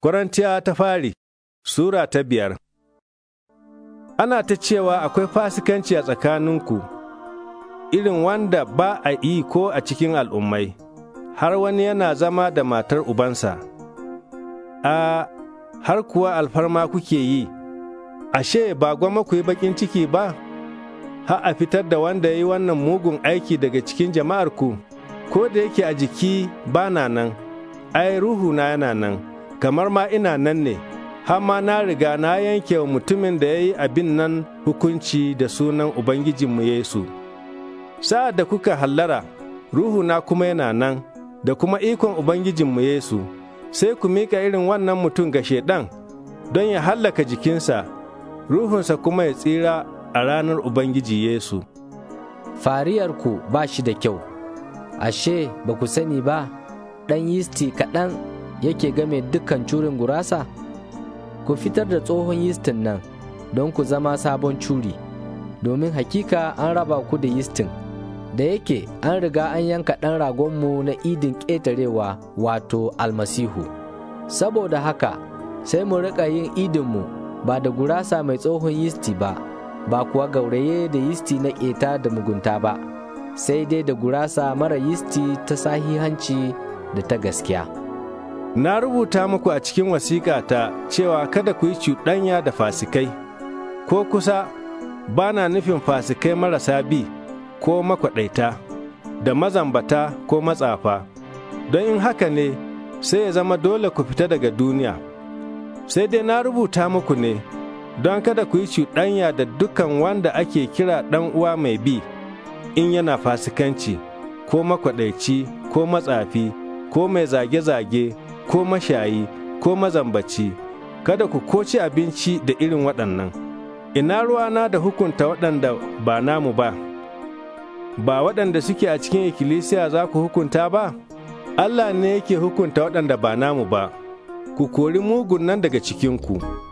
Korintiya ta fari Sura ta biyar Ana ta cewa akwai fasikanci a tsakaninku, irin wanda ba a yi ko a cikin al'ummai, har wani yana zama da matar ubansa. A har kuwa alfarma kuke yi, ashe ba gwamma ku yi baƙin ciki ba, ha a fitar da wanda ya yi wannan mugun aiki daga cikin jama'arku, ko da yake a jiki ba na nan, ai ruhu na yana nan. kamar ma ina nan ne, har ma na riga na yanke wa mutumin da ya yi abin nan hukunci da sunan Ubangijinmu Yesu. Sa'ad da kuka hallara, ruhuna kuma yana nan, da kuma ikon Ubangijinmu Yesu, sai ku miƙa irin wannan mutum ga Shaiɗan don ya hallaka jikinsa, ruhunsa kuma ya tsira a ranar Ubangiji Yesu. Fariyarku ba shi da kyau, ashe ba ku sani ba, ɗan yisti kaɗan yake game dukkan curin gurasa? Ku fitar da tsohon yistin nan don ku zama sabon curi, domin hakika an raba ku da yistin. Da yake an riga an yanka ɗan ragonmu na idin ƙetarewa wato almasihu. Saboda haka sai mu riƙa yin idinmu ba da gurasa mai tsohon yisti ba, ba kuwa gauraye da yisti na ƙeta da mugunta ba, sai dai da gurasa mara yisti ta sahihanci da ta gaskiya. na rubuta muku a cikin wasiƙata cewa kada ku yi cuɗanya da fasikai, ko kusa ba na nufin fasikai marasa bi ko makwaɗaita, da mazambata ko matsafa, don in haka ne sai ya zama dole ku fita daga duniya. Sai dai na rubuta muku ne, don kada ku yi cuɗanya da dukan wanda ake kira ɗan uwa mai bi, in yana fasikanci, ko makwaɗaici, ko matsafi, ko mai zage-zage. ko mashayi ko mazambaci kada ku koci abinci da irin waɗannan ina ruwa na da hukunta waɗanda ba namu ba ba waɗanda suke a cikin ikkilisiya za ku hukunta ba Allah ne yake hukunta waɗanda ba namu ba ku kori mugun nan daga cikinku. ku